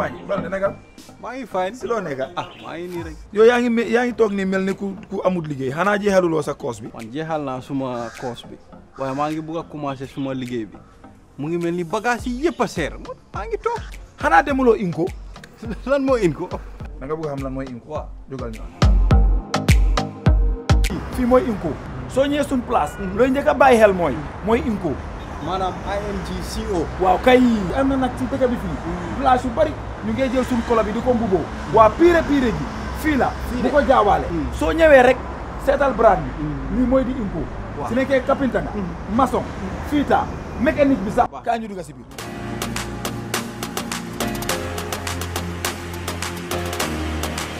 waa ji loolu dina maa ngi fay si loo nekk ah. yaa ngi yaa ngi toog nii mel ni ku ku amut liggéey xanaa sa koos bi. man jeexal naa suma koos bi waaye maa ngi bugg a commencé suma liggéey bi mu ngi mel ni bagage yi yëpp a maa ngi toog. xanaa demuloo inko. lan mooy inko. da nga bugg a xam lan mooy inko. waaw jógal ñu fii inko soo ñëwee suñ place. looy njëkk a bàyyi xel mooy. mooy inko. maanaam IMG CO. waaw kay am na nag ci dëkk bi fii. village yu bëri ñu ngay jël suñ bi di ko mbuboo waa pire pire ji fii la bu ko jaawaale hmm. soo ñëwee rek seetal brand bi hmm. lii mooy di impôt si nekkee kapinta nga hmm. maçon fiita mécanique bi sax kaa ñu dugg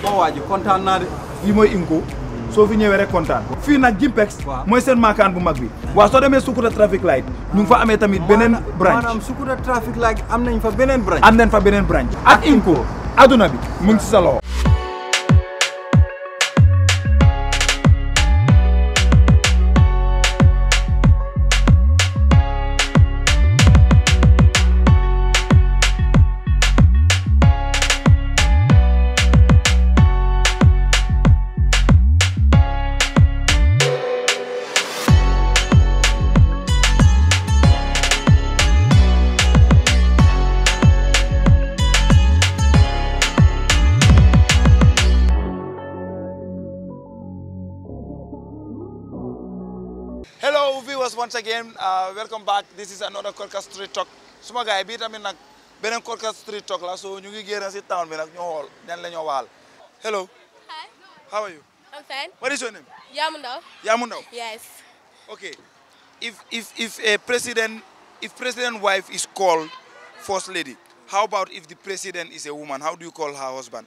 boo waa ji de lii mooy impôt Sou fi ñëwee rek kontaan fii nag Jimpex mooy seen maakaan bu mag bi waaw soo demee traffic light ñu ngi fa amee tamit beneen branch maanaam Sukuta traffic light am nañ benen branch am nañ benen branch ak Inco aduna bi mu ngi si again uh, welcome back this is another Korka Street Talk suma gaay bii tamit nag beneen Korka Street Talk la so ñu ngi génn si town bi nag ñu xool ñan la ñoo waal hello hi how are you I'm fine what is your name Yamu Ndaw Yamu Ndaw yes okay if if if a president if president wife is called first lady how about if the president is a woman how do you call her husband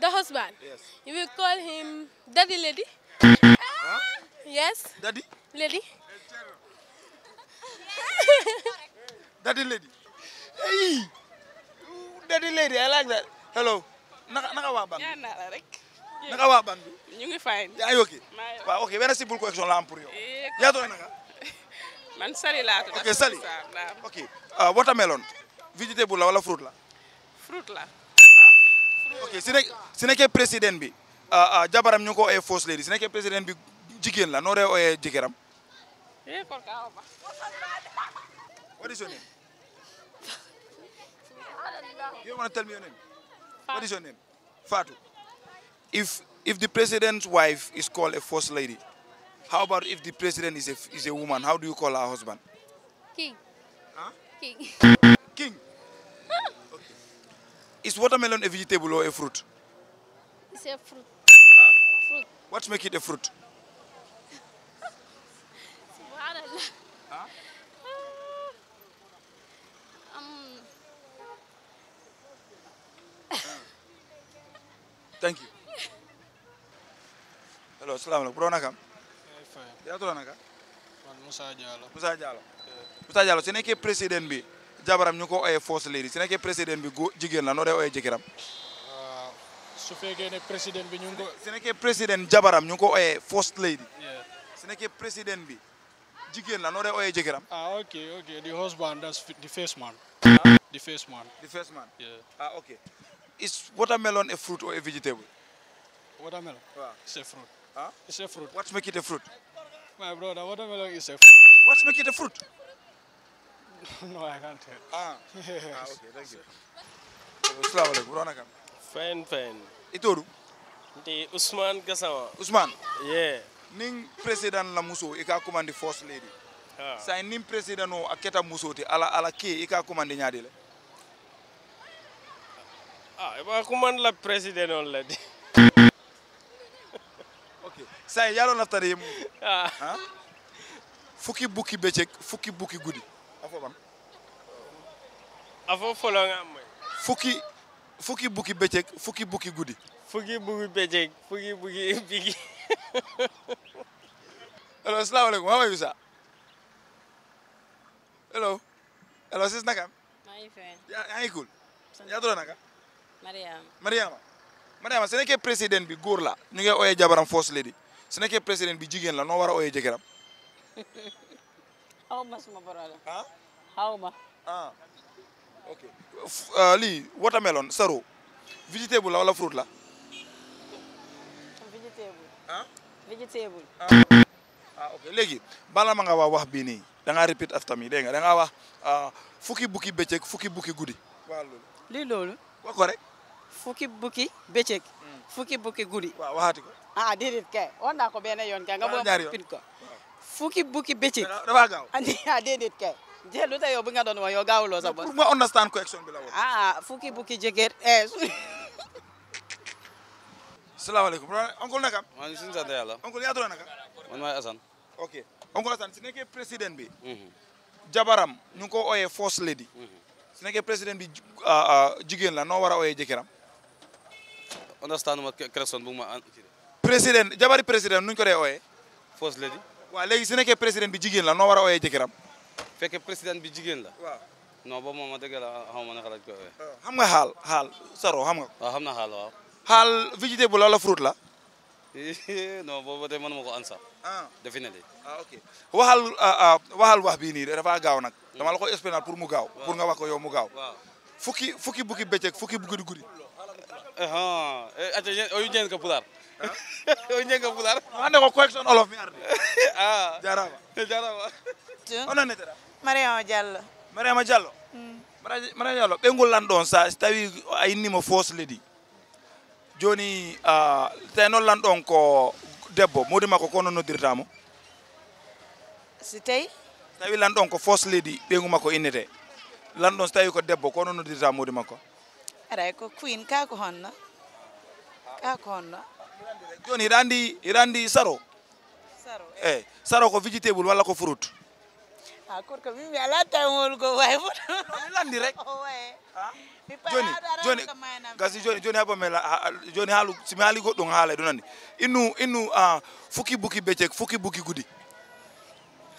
the husband yes you will call him daddy lady huh? yes daddy lady Daddy lady. hello. naka waa ban. ñaan naa la rek. naka waa ñu ngi fine. yaa ngi ok. waaw ok benn si bul collection la am pour yow. Eh, yaa tooy naka. Sali laa tudd. ok Sali euh, la wala fruit la. si nekk si nekkee président bi. Euh, euh, jabaram ñu ngi ko lady si nekkee président bi jigéen la noo ree ooyee Ei, eh, korkaava. What is your name? you want If the president's wife is called a first lady, how about if the president is a woman? How do you call her husband? King. watermelon a vegetable or a fruit? It's make it a fruit? ah. Um. thank you. hello salaamaaleykum bro naka. yaa tudd naka. man Moussa Diallo. Moussa Diallo. Moussa Diallo su nekkee président bi jabaram ñu ko ooyee fausse lady su nekkee président bi góor jigéen la noo dee ooyee jëkkëram. Ah, su fekkee ne président bi ñu ngi ko. su nekkee président jabaram ñu ngi ko ooyee fausse lady. su nekkee président bi. jigéen la noo dee ooyee jëkkëram. ah ok ok the husband that's the first hmm? man. the first man. the first man. yeah. ah ok. is watermelon a fruit or a vegetable. watermelon. waaw it's a fruit. ah it's a fruit. what make it a fruit. my brother watermelon is a fruit. what make it a fruit. no I can't tell. ah ah ok thank you. salaamaaleykum rona kam. fine fine. itooru. ndi Ousmane Gassama. Ousmane. yeah. nin president la muso i ka commandi first lady ah. sai nin president o ala ala ke i ka commandi ñaadi ah, la president on la di ok sai yalo naftare yemu bukki becek fukki bukki gudi afo ban afo folo nga am fukki fukki becek fukki bukki gudi becek Hello, assalamu alaikum. How are you, sir? Hello. Hello, sis Nakam. My friend. Yeah, ya, I'm cool. Yeah, ya, do Nakam. Mariam. Mariam. Mariam, ce n'est que président bi gour la. Ñu ngi oyé jabaram force lady. Ce n'est que président bi jigen la no wara oyé jegeram. Xawma suma borala. Ha? Xawma. Ah. Okay. Uh, li watermelon, saro. Vegetable la wala fruit la? ah vegetable ah, ah léegi bala ma nga wax wax bii nii da ngaa repeat after me dégg nga danga ngaa wax ah, fukki bukki bëccëg fukki bukki guddi waaw loolu lii loolu wax ko fukki bukki bëccëg hmm. fukki bukki guddi waaw waxaati ko ah déedéet kay woon naa ko benn yoon kay nga boo pin ko fukki bukki bëccëg dafa gaaw ah, ah déedéet kay jël lu tax yow bi nga doon wax yow gaawuloo sa bopp pour ma la fukki bukki jëgër eh salaamaaleykum oncle naka maa ngi sant yàlla oncle yaa tudd naka man maay Assane ok oncle si nekkee président bi mhm. jabaram ñu ko ooyee first lady mhm. bi ah, ah, jigéen la noo war a ooyee jëkkëram understand ma bu ma président jabari président nuñ ko dee ooyee first lady waaw léegi su nekkee président bi jigéen la noo war a ooyee jëkkëram fekkee président bi jigéen la waaw non boobu moom ma dëgg la xaw ma naka lañ ko xaal xaal saro xam nga waaw na xaal waaw hal vegetable wala fruit la non boobu tey mënuma ko ansa ah. definitely ah ok waxal ah, ah, waxal wax bi ni dafa gaaw nak. dama hmm. la ko expliqué pour mu gaaw pour nga wax ko yow mu gaaw fukki fukki bukki bëccëg fukki bukki guddi ah atta oyu jeng ka pulaar oyu jeng ka pulaar ande ko collection olof mi arde ah jaraba jaraba ona netera mariama diallo mariama diallo hmm. mariama diallo be ngul lan don sa tawi ay nima fausse lady joni ah, te nollan ɗon ko debbo modi makko ko noon noddirtamo si tawi tawi lan ɗon ko fos leydi ɓeygu makko innete lan ɗon so tawi ko debbo ko non noddirta modi makko aray ko queen ka honno ka honno joni hiɗa andi hiɗa andi saro saro eyyi eh, saro ko vegetable walla ko fruit Akur kami mi ala lu ya, ngol go way fo. Lan direct. Owe. Oh, Joni Joni gasi Joni Joni apa mela ah, ah, Joni halu simi hali goddum haala do nandi. Inu inu ah fuki buki becek fuki buki gudi.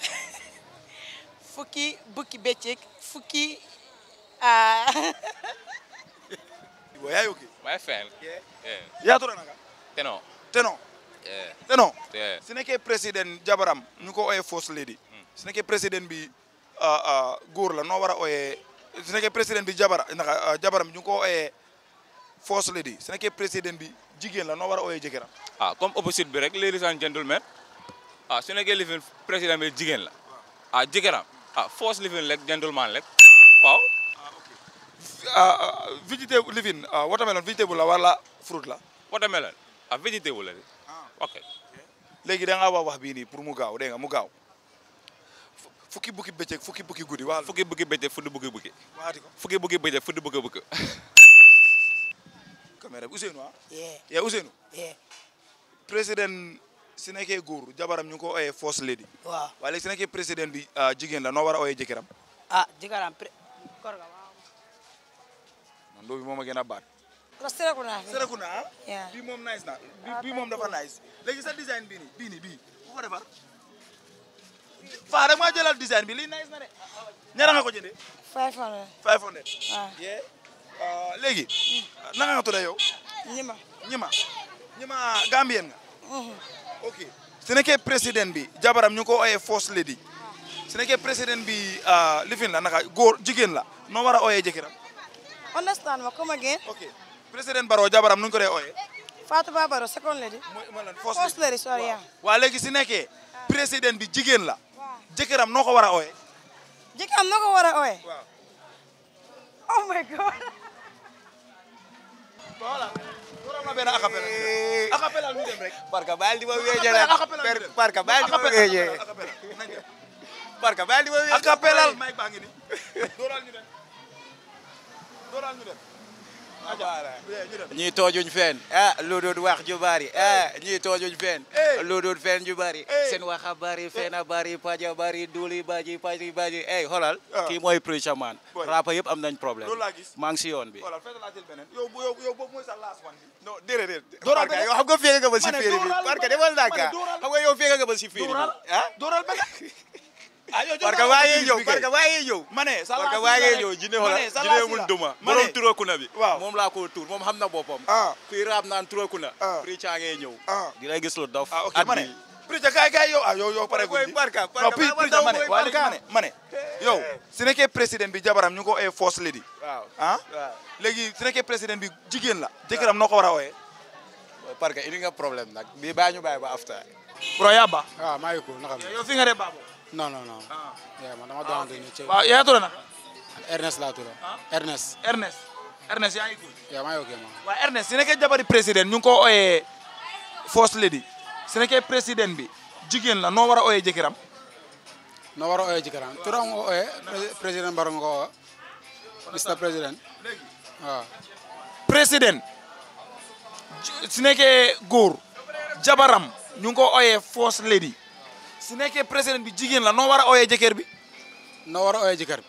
fuki buki becek fuki ah Ibo yayo ki. fel. Ya tuh naga. Teno. Teno. Teno. Sini ke presiden Jabaram nuko oy fausse lady su nekkee président bi gur la no wara a ooyee su nekkee président bi jabara naka jabaram ñu ngi ko force lady. di su nekkee président bi jigen la no wara a ooyee ah comme opposite bi rek ladies and gentlemen ah su nekkee living président bi jigen la ah jëkkëram ah force living like gentleman Wow. waaw ah, ah, vegetable living ah, watermelon vegetable la wala fruit la watermelon ah vegetable la Ah, ok léegi da nga wax wax bi ni pour mu gaw de nga mu gaw fukki bukki bëccëg fukki bukki guddi waaw fukki bukki bëccëg fuddi bukki bukki waati ko fukki bukki bëccëg fuddi bukki bukki caméra bi Ousseynou ah yee Ousseynou président si nekkee góor jabaram ñu ngi ko ooyee first lady waaw waaye léegi bi ah, jigéen la noo war a ooyee jëkkëram ah jëkkëram kor ga waaw doobi moom gën a baat ko sereku naa sereku naa bii moom nice ah, dafa nice léegi sa design bii nii bii nii bii faa rek maa jëlal bi lii na de ñaata nga ko jëndee. 500. 500 waaw. yee léegi. Hmm. naka nga tudd yow. ñima ñima ñima Gambien nga. Hmm. ok su nekkee président bi jabaram ñu ko oyee first lady. Ah. su nekkee président bi ah, lifin la naka góor jigéen la noo war a oyee jëkkëram. understand ma come again. président Barrow jabaram nu ñu ko dee oyee. Fatou Ba Barrow second lady. mooy mooy lan first léegi si nekkee ah. président bi jigéen la. jëkkëram noo ko war a ooye. jëkkëram noo ko war a ooye. waaw. oh my god. voilà. waroon na benn acapella. Eh. acapella ñu dem rek. barka baal di ma weeje rek. barka baal di ma weeje. barka baal di ma weeje. acapella may baa ngi ni. dooral ñu ñu dem. ñii toojuñ fenn ah lu dul wax ju bari ah ñii toojuñ fenn lu dul fenn ju bari seen wax a bari fenn a bari paja bari duuli baji paji baji ey xoolal ah. kii mooy preacher man rapa yëpp am nañ problème maa ngi si yoon bi non déedéet dooral beneen xam nga féega si féeri bi parce que demal naa ka xam nga yow féega nga ba si féeri bi ah? parce que waaye yow parce que waaye ma ne parce jinne xoolal jinne mun duma. ma ne bi. waaw moom laa ko tur moom xam na boppam. Ah. fii raab naan turakuna. Ah. prix caa ngay ñëw. Ah. di la gis lu dof. ah ok ma yow ah yow yow ma ne waa léegi ma eh. yow su nekkee président bi jabaram ñu ko ooyee force lady. waaw ah léegi su nekkee bi jigéen la. jëkkëram noo ko war a ooyee. parce que indi nga problème nag bii baa ñu ba afta. bro yaa non non non. waaw ah. man dama doon déglu Thiel. Ah, na. Ernest laa tudd. Ah. Ernest. Ernest Ernest yaa ngi góor. yaa maa Ernest su jabari président ñu ko ooyee First Lady su président bi jigéen la noo war a ooyee jëkkëram. noo war a ooyee jëkkëram nga ko président Barrow nga ko oo Mr président su nekkee jabaram ñu ko ooyee First Lady. su nekkee président bi jigéen la noo war a ooyee jëkkër bi. noo war a ooyee jëkkër bi.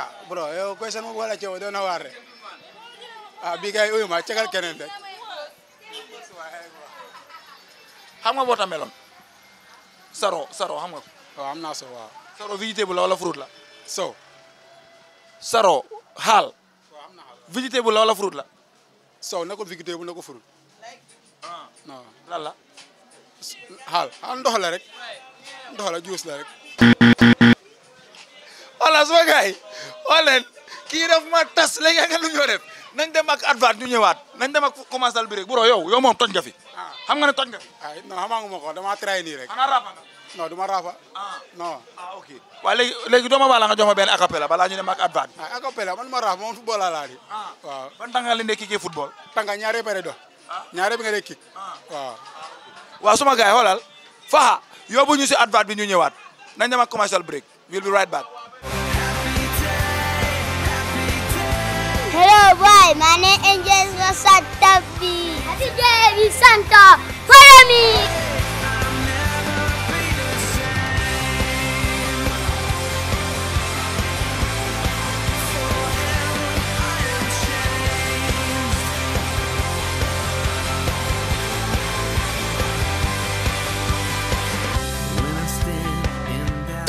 ah bro yow question boobu wala coow doon na waar de ah bii gars yi uyu ma keneen rek. xam nga boo tameloon saro saro xam nga ko. so waaw. saro végétable la wala fruit la. so saro xaal. waaw na xaal végétable la wala fruit la. so nekkul végétable nekkul fruit. Ah. xaal ndox la rek ndox la juus la rek. voilà sama gars yi wax leen ma tas léegi a lu ñoo def nañ dem ak advert ñu ñëwaat nañ dem ak commencé al bi rek bu roo yow yow moom toj nga fi. Ah. xam nga ne toj nga fi. a non xamaanguma ko damaa trahi nii rek. xanaa raafa nga. non du ma raafa. ah non ah ok. waaye nga jox ma benn acapella balaa ñu dem ak advert. ah acapella man ma raafa moom football laa laal. ah waaw ban tànga li ndee do ñaaree bi nga dee waaw suma gars yi xoolal faxa ñu si advert bi ñu ñëwaat nañ dem ak commercial break we'll be right back. Hello, boy. My name is Santa B. Happy day, Santa. Follow me.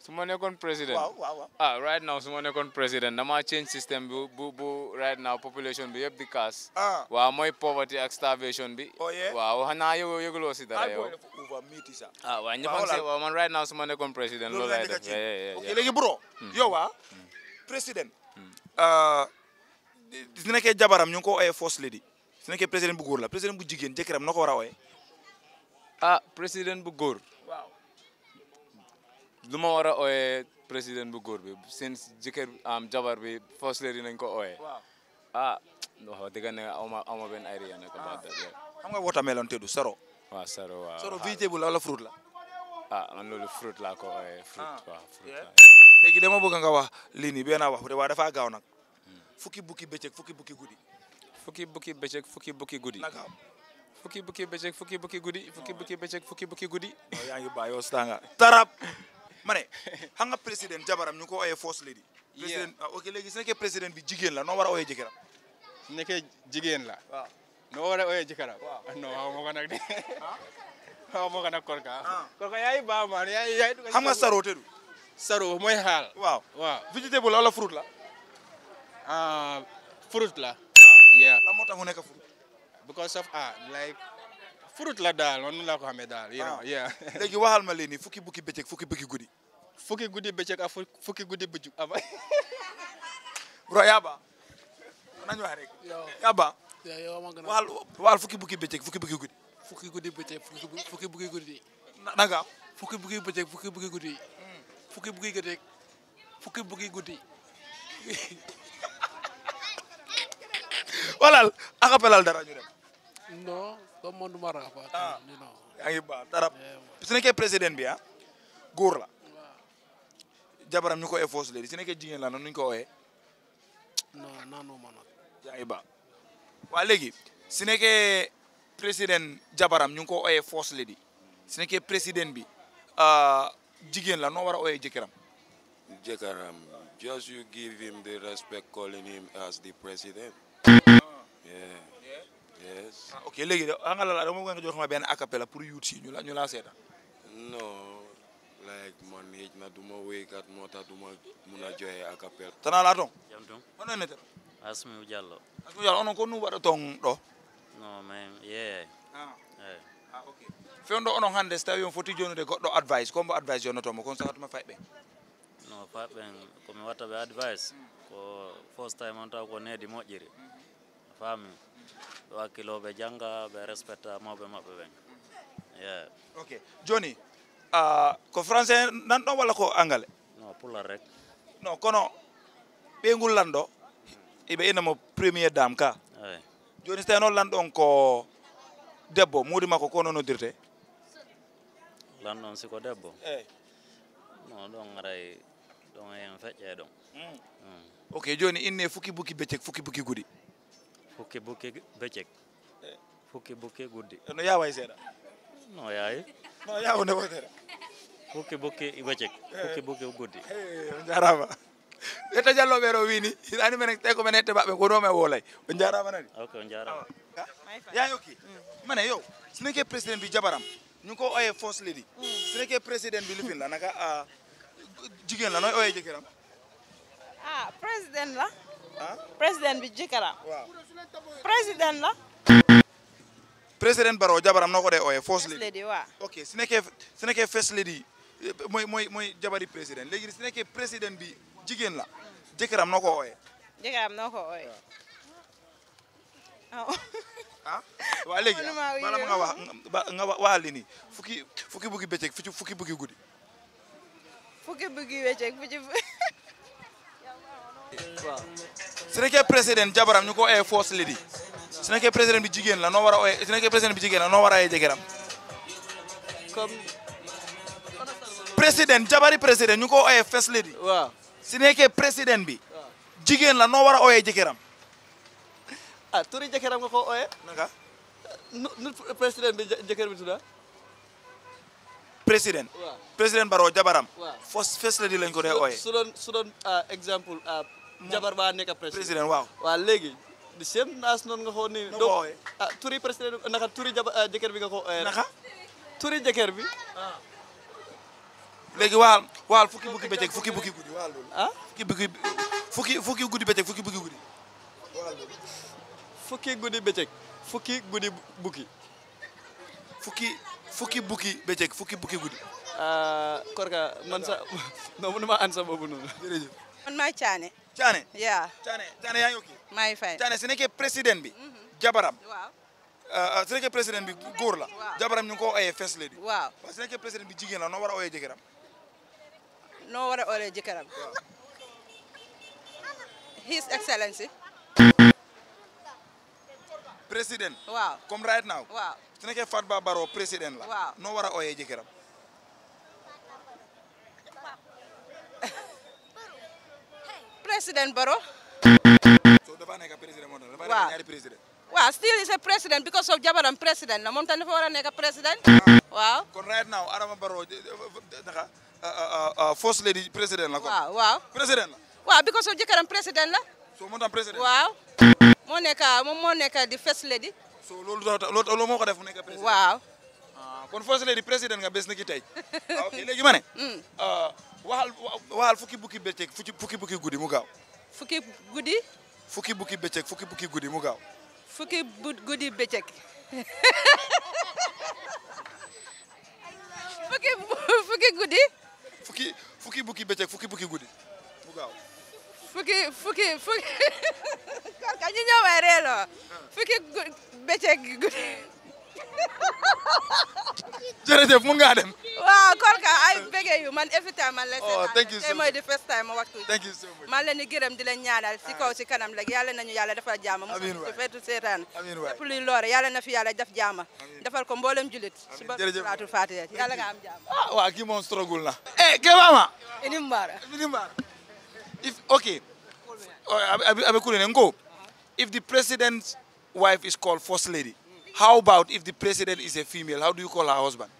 su ma nekkoon président ah right now su ma nekkoon président dama change système bu bu bu right now population bi yëpp di kaas. Ah. waaw mooy poverty ak starvation bi. Oh, waaw xanaa yow yëguloo si dara yow. ah waaw ñëpp a waaw man right now su ma nekkoon président loolu lay def. léegi bro. Hmm. yow hmm. ah président. su nekkee jabaram ñu ngi ko ooyee first lady su bu góor la président bu jigéen jëkkëram na ko war a ooyee. Ah, bu góor. lu ma war a ooyee président bu góor bi seen jëkkër am jabar bi Fosler yi nañ ko ooyee. ah wax dëgg ne aw ma aw ma benn idée nag. Ah. xam du saro. waaw saro waaw saro vegetable la wala fruit la. ah man loolu fruit laa ko ooyee. fruit ah. waaw fruit la. léegi dama bëgg nga wax lii nii benn wax bu dee waa dafa gaaw nag. Hmm. fukki bukki bëccëg fukki bukki guddi. fukki bukki bëccëg fukki bukki guddi. na gaaw. fukki bukki bëccëg fukki bukki guddi fukki bukki bëccëg fukki bukki guddi. Oh, yaa ngi bàyyoo stanga tarap. ma ne xam nga président jabaram ñu ko ooyee first lady. président ah, ok léegi su nekkee président bi jigéen la noo war a ooyee jëkkëram. su nekkee jigéen la. waaw noo war a ooyee jëkkëram. waaw ah, non waaw moo ko nag de. waaw ah. moo ko nag korka. korka yaay baax man yaay yaay. xam nga saro te du. saro mooy xaal. waaw waaw vegetable la wala fruit la. ah fruit la. yeah la moo tax mu nekk fruit. because of ah like. furut la daal man laa ko xamee daal. waaw ah. yeah ma leen ni fukki bukki bëccëg fukki bukki guddi. fukki guddi bëccëg ak fukki guddi bëccëg ab. bro fukki bukki bëccëg fukki bukki guddi. fukki fukki bukki guddi. na nga fukki bukki bëccëg fukki bukki guddi. Hmm. fukki bukki bëccëg fukki walal akapelal dara ñu comme monde ah. mara président bi ah góor la. jabaram ñu ko efforce léegi su nekkee jigéen la noonu ñu ko ooyee. non naanu ma nag. yaa ngi baax ko ooyee force léegi su nekkee président bi ah, jigéen la noo war a ooyee jëkkëram. jëkkëram just you give him the respect calling him as the president. Ah. yes ah, ok léegi de ah, nga la dama bëgg nga jox ma benn acapella pour yuut si ñu like man xëj na du ma wéykat moo tax du ma mun a joxe acapella. tana laa tong. jam tong. ono ne tara. asmi jallo. asmi jallo ono ko nu tong ɗo. No man. yeah. ah yeah. ah ok fewndo onon hannde so tawi on foti jonude goɗɗo advice combo advice jonnotomo kon fight fayɓe no fight faɓɓen komi wata be advice mm. ko first time on taw ko needi moƴƴiri mm-hmm. faami wakiloɓe janga ɓe respecta mawɓe maɓɓe ɓen yeah. ok joni uh, ko français nan ɗon walla ko angale no pullar rek non kono lando lanɗo eɓe mo premier dame ka joni so tawi lando lanɗon ko debbo muudi mako ko no lando lanɗon siko debbo eh no ɗon aray ɗon hen feƴƴe ɗon mm. Mm. ok joni inne fuki buki becce fuki buki gudi fukki bukki bëccëg fukki bukki guddi no yaa way seeda non yaay non yaa wone ko seeda bukki bukki guddi on jarama yetta jalloɓe ɗo wini ani menen tawi ko men hette mbaɓe gonomi e nani ok on jarama ya yoki mane yo sineke président mbi jabaram ñu oye fausse lady sineke président mbi lifin la naka jigéen la nooy oye jëkkëram ah président la ah? président bi jëkkëram waaw président la. président Barrow jabaram noo ko dee ooyee first lady waaw ok su nekkee su nekkee first lady mooy mooy mooy jabari président léegi su nekkee président bi jigéen la jëkkëram noo ko ooyee. jëkkëram noo ko ooyee. Ah. Ah. ah waa léegi bala ma nga wax nga waa li nii fukki fukki buggi bëccëg fukki buggi guddi. waaw su nekkee président jabaram ñu ko ooyee force lady su nekkee président bi jigéen la noo war a ooyee su président la noo war a ooyee jëkkëram jabari président ñu ko ooyee first lady waaw nekkee président bi jigéen la noo war a ooyee ah, turi jëkkëram nga ko ooyee président bi jabaram first lady lañ ko dee ooyee jabar baa nekk président waaw waaw léegi di seen naas noonu nga xoo ni ah, turi président naka turi jaba ah, jëkkër bi nga ko eh, naka turi jëkkër bi léegi waal waal fukki bukki bëccëg fukki bukki guddi waal ah? fukki bukki fukki fukki guddi fukki bukki guddi waal loolu fukki guddi fukki bukki fukki fukki bukki fukki bukki guddi korka man sa non mënuma boobu noonu man maay Thiané. Thiané yaa Thiané Thiané yaa ngi ok. maa ngi fay Thiané su nekkee président bi. Mhm. jabaram waaw. Euh, euh, nekkee président bi la. jabaram ñu ngi ko oyee bi jigéen la noo war a oyee jëkkëram. noo war a jëkkëram. His Excellency. président. comme right now. waaw su nekkee Fatba Barrow président la. noo war a oyee jëkkëram. President Barrow. So dafa nekk président moo tax dafa nekk ñaari président. still is a president because of jabaram president la moom tam dafa war a nekk président. Ah. waaw kon right now Adama Barrow eh, eh, eh, dafa lady président la. waaw waaw président la. of jëkkëram président la. so moo tax président waaw. moo nekk di first lady. so loolu loolu moo ko def mu nekk président. waaw. Ah, kon first lady président nga bés na ki tey. Ah, ok léegi ma waxal fukki bukki bëccëg fukki bukki guddi mu fukki guddi. fukki bukki bëccëg fukki bukki guddi gaaw. fukki fukki bukki bëccëg fukki bukki guddi mu gaaw. fukki fukki fukki kooka ñu fukki bëccëg guddi. jërëjëf mun waaw kooka. okay, you man every time man la oh, you so mooy di first time ma waxtu thank you so much man leen di gërëm di leen ñaanal si kaw si kanam rek yàlla nañu yàlla defal jaama musu feetu seetaan lépp luy loore yàlla na fi yàlla def jaama defal ko mboolem julit suba salaatul faatiha yàlla nga am jaama ah waa kii moom struggle na eh mama. ini mbara ini mbara if okay abekulene ngo if the president's wife is called first lady how about if the president is a female how do you call her husband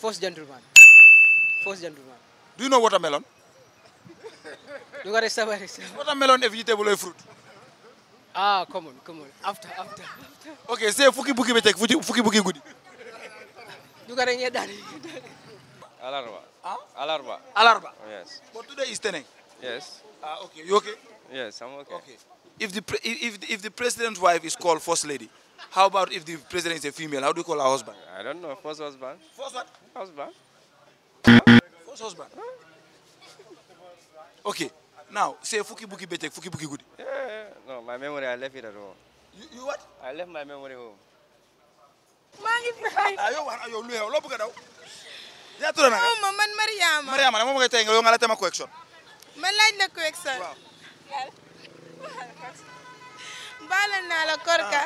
first gentleman First Do you know watermelon? a summary, sir. Watermelon a vegetable or fruit? Ah, come After, after, after. Okay, say fuki buki betek, fuki fuki buki gudi. You got a nye daddy. Alarba. Huh? Ah? Alarba. Alarba? Oh, yes. But today is Teneng? Yes. Ah, okay. You okay? Yes, I'm okay. Okay. If the, if, if the president's wife is called first lady, how about if the president is a female? How do you call her I Husband. what's husband? okay, now say Fuki Buki Betek, Fuki Buki Good. Yeah, yeah, no, my memory, I left it at home. You, you I left my memory home. maa ngi fi xay. ah yow wax na yow lu yow loo daw. yaa tudd na man Mariama. Mariama ne moom nga tey nga yow nga la tema correction. man laaj na correction. waaw. baalal naa la korka.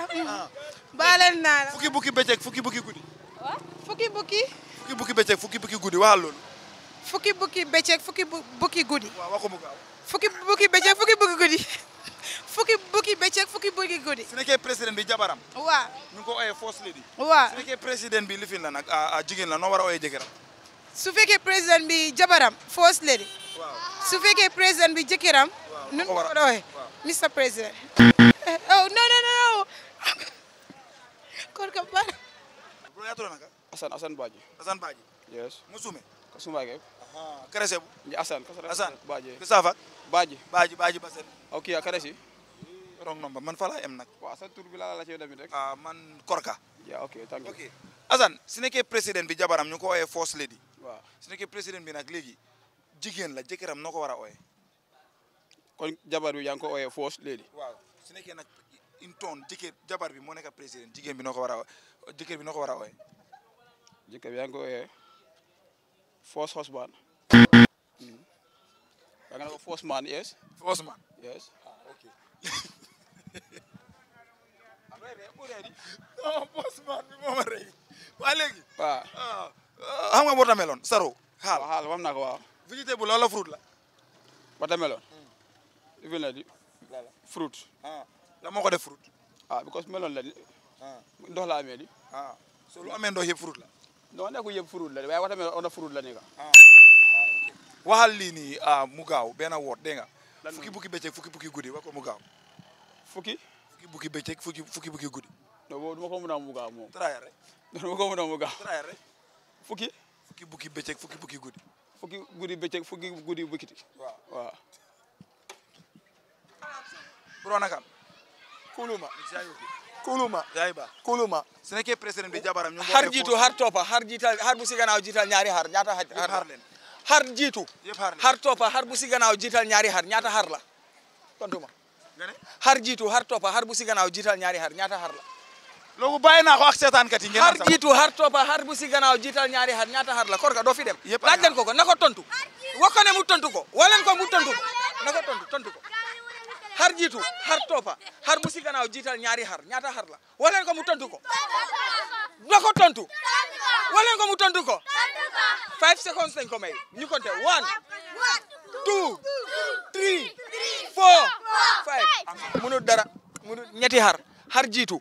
baalal naa la. fukki bukki bëccëg fukki bukki guddi. fukki bukki. fukki fukki bukki guddi waxal loolu. fukki bukki bëccëg fukki bukki guddi. waaw waxu bu gaaw. fukki bukki bëccëg fukki bukki guddi fukki bukki bëccëg fukki bukki guddi. su nekkee président bi jabaram. waaw ñu ngi ko oyee first lady. waaw su nekkee président bi lifin la nag jigéen la noo war a oyee jëkkëram. su fekkee président bi jabaram first lady. waaw su fekkee président bi jëkkëram. waaw nu mu ko war a oyee Mr President. oh non non non. kon ka baax. Assane Assane Badji. Assane Badji. yes. Musume. ko sumbage aha karese bu nje asan kasara asan baje safa baji baji baji basen okay rong nomba man fa laa em nag waaw sa tur bi laa la ci damit rek ah man korka ya okay thank you okay asan su nekkee président bi jabaram ñu ko ooyee first lady waaw su nekkee président bi nag léegi jigéen la jëkkëram noo ko war a ooyee kon jabar bi yaa ngi ko ooyee first lady waaw su nekkee nag une tonne jëkkër jabar bi moo nekk président jigéen bi noo ko war a jëkkër bi noo ko war a ooyee jëkkër bi yaa First husband. Mm. I'm gonna go man, yes? First man? Yes. Ah, okay. I'm ready, I'm ready. No, first man, I'm ready. Walegi. Ba. Ah, ah nga watermelon, saro. Hal. Hal, wam na ko wa. Vegetable la fruit la. Watermelon. Mm. Even la di. Fruit. Ah. La moko def fruit. Ah, because melon la di. Ah. la amé di. Ah. So lu amé ndox fruit la. non nekkul yëpp fruit la waaye waxtamit ona fruit la ni ka ah, ah, waxal lii nii ah, mu gaaw benn woot dégg nga fukki bukki bëccëg fukki bukki guddi wax ko mu gaaw fukki fukki bukki bëccëg fuki buki bukki guddi non boobu du ma ko mën a mu gaaw moom trayer rek du ma ko mën a mu gaaw trayer rek fukki fukki bukki bëccëg fukki bukki guddi fukki guddi bëccëg fukki guddi bukkiti waaw waaw bro kuluma yayba kuluma sene ke president bi jabaram ñu har jiitu har toppa har jiital har bu si gannaaw jiital ñaari har ñaata har leen har jiitu har toppa har la tontuma har jiitu har toppa har bu si gannaaw jiital ñaari har ñaata har la loolu bàyyi doo fi dem laaj leen ko na ko tontu wakko ne mu tontu ko waleen ko mu tontu ko xar jiitu xar toppa xar bu si gannaaw jiital ñaari xar ñaata xar la waleen ko mu tontu ko na ko tontu waleen ko mu tontu ko five seconds lañ ko may ñu compté one two three four five dara munu ñetti xar xar jiitu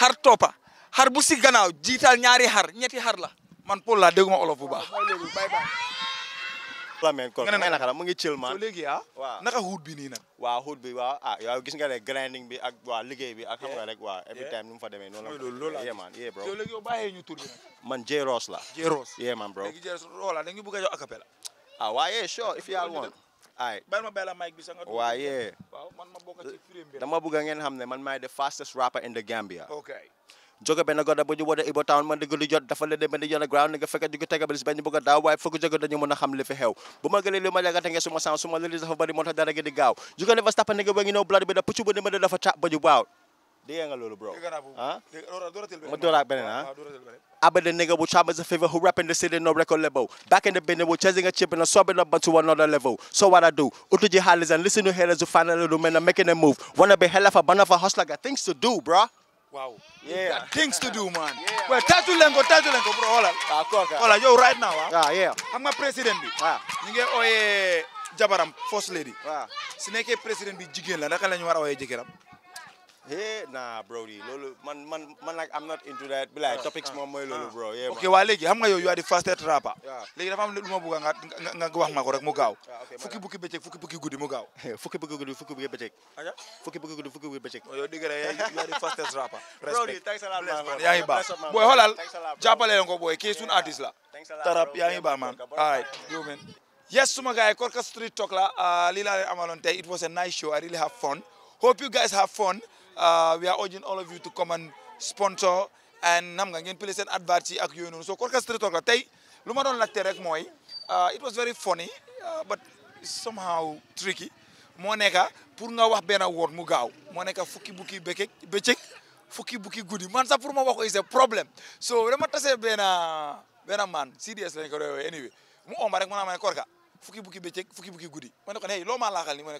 xar toppa xar bu si gannaaw jiital ñaari xar ñetti xar la man Paul laa dégguma olof bu baax la meen kon la mu ngi chill man léegi ah waaw naka xuut bi nii nag waaw xuut bi waa a ah, gis nga ne grinding bi ak waa liggéey bi ak xam nga rek waa every time nu mu fa demee noonu la yee man yee bro léegi yow ñu tur bi man J la J Ross yee man bro léegi J Ross wala dañu bëgg a jox a cappella ah, sure if you all want ay bal ma bala mic bi sa nga waaye waaw man ma bokk bi dama bëgg ngeen xam ne man maay the fastest rapper in the Gambia okay jóge benn goda bu ñu war a Ibo Town mën di guddi jot dafa leen di mel ni yoon ground ni nga fekk ñu ko tegabal si benn bëgg a daaw waaye fokk jóge dañu mën a xam li fi xew bu ma gëlee li ma yàggate nga suma sang suma lëli dafa bëri moo tax dara gi di gaaw jóge ne Verstappen ni nga wéngi ñëw blood bi da pucc bu ne mën dafa tàpp ba ñu baaw dégg nga loolu bro ah ma dooraat beneen ah Abada nigga will travel as a favor who rapping the city no record level. Back in the bin, we're chasing a chip and a sobbing up to another level. So what I do? Utuji Hollis and listen to headers who find a little man and making a move. Wanna be hell of a bun of a hustler, got things to do, bruh. Wow. Yeah. Got things to do, man. Yeah. Well, tatu lengo, tatu lengo, bro. Hola. Ah, koka. Ah. Hola, yo right now, ah. ah yeah. Xam nga president bi. Ah. Ñi jabaram first lady. Waaw. Ah. Su nekkee president bi jigéen la naka la ñu war a oye jëkkëram. hey nah Brody. loolu man man man like I'm not into that Be like uh, topics uh, more, more, lolo, uh. bro. ok waa léegi xam nga yow you are the fastest rapper. léegi dafa am lu ma bëgg nga nga wax ma ko rek mu gaaw. fukki bukki bëccëg fukki buki guddi mu gaaw. fukki bukki guddi fukki bukki fuki fukki bukki guddi fukki bukki you are the fastest rapper. respect yaa ngi baax booy xoolal jàppale leen ko booy kii suñu artiste la. tarap yaa ngi baax man all right man. yes suma gars yi Korka street talk la lii laa leen amaloon it was a nice show I really have fun hope you guys have fun Uh, we are urging all of you to come and sponsor and nam nga ngeen play seen advert yi ak yooyu noonu so Korka Street Talk la tey lu ma doon laajte rek mooy uh, it was very funny uh, but somehow tricky moo nekka pour nga wax benn word mu gaaw moo nekka fukki bukki bëccëg bëccëg fukki bukki guddi man sa pour ma wax ko c'est problème so dama tase benn benn man CDS lañ ko doon anyway mu omba rek mu naa ma ne Korka fukki bukki bëccëg fukki bukki guddi ma ne ko hey loo maa ni ma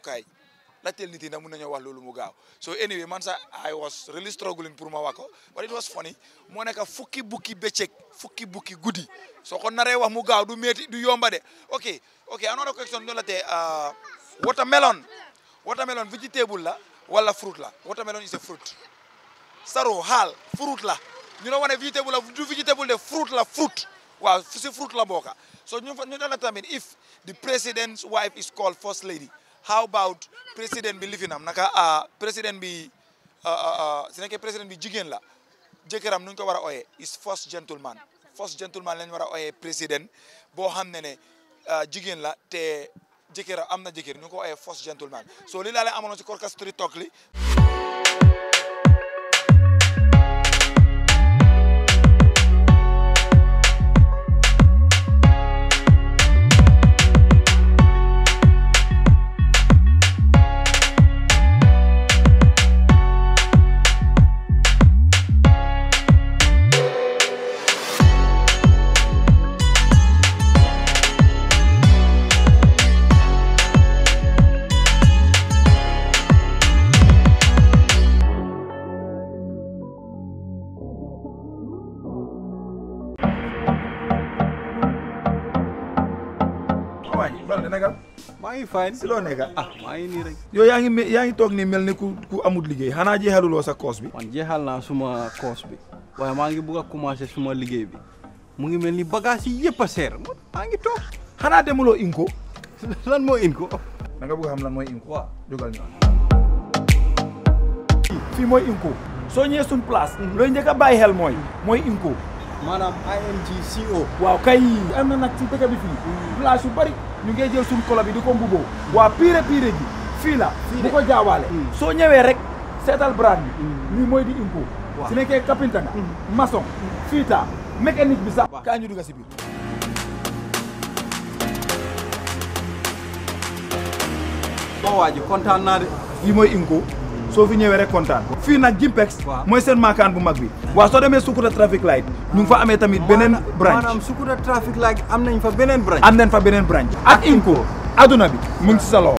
laajteel nit yi nag mun nañoo wax loolu mu gaaw so anyway man sax I was really struggling pour ma wax ko but it was funny moo nekk fukki bukki bëccëg fukki bukki guddi soo ko naree wax mu gaaw du métti du yomba de ok ok another question ñu la tee uh, watermelon watermelon vegetable la wala fruit la watermelon is a fruit saro xaal fruit la ñu la wane vegetable la du vegetable de fruit la fruit waaw si fruit la bokka so ñu ñu la tamit if the president's wife is called first lady how about président bi lifinam naka a président bi su nekkee president bi jigen la jekeram nu ko wara a is first gentleman first gentleman lañ wara a president bo boo xam ne jigen la te jekeram amna jeker jëkkër ñu ko ooyee first gentleman so li la leen amono ci Korka Street Talk li waaye si loo nekk ah ngi nii rek yow yaa ngi toog ni mel ni ku ku amut liggéey xanaa jeexaluloo sa course bi man jeexal naa suma course bi waaye maa ngi bëgg a commencé suma liggéey bi mu ngi mel ni bagage yi yëpp a seer maa ngi toog xanaa demuloo inko lan moo inko da nga bëgg xam lan mooy inko waaw jógal ñu fii mooy inko soo ñëwee suñ place mhm. looy njëkk a bàyyi xel mooy mooy inko maanaam ING CO waaw kay am na nag ci dëkk bi fii mm. place bari ñu ngay jël suñu kolo bi di ko mbuboo waa pire pire ji fii la bu ko jaawaale mm. soo ñëwee rek seetal brand bi mm. lii mooy di impo si nekkee kapinta nga mm. maçon fiita mécanique bi sax kaa ñu dugg si biir kontaan naa de lii mooy inko Sou fi ñëwee rek kontaan fii nag Jimpex mooy seen maakaan bu mag bi waaw soo demee da traffic light ñu ngi fa amee tamit beneen branch maanaam da traffic light am nañ fa beneen branch am nañ fa beneen branch ak Inco aduna bi mu ngi si sa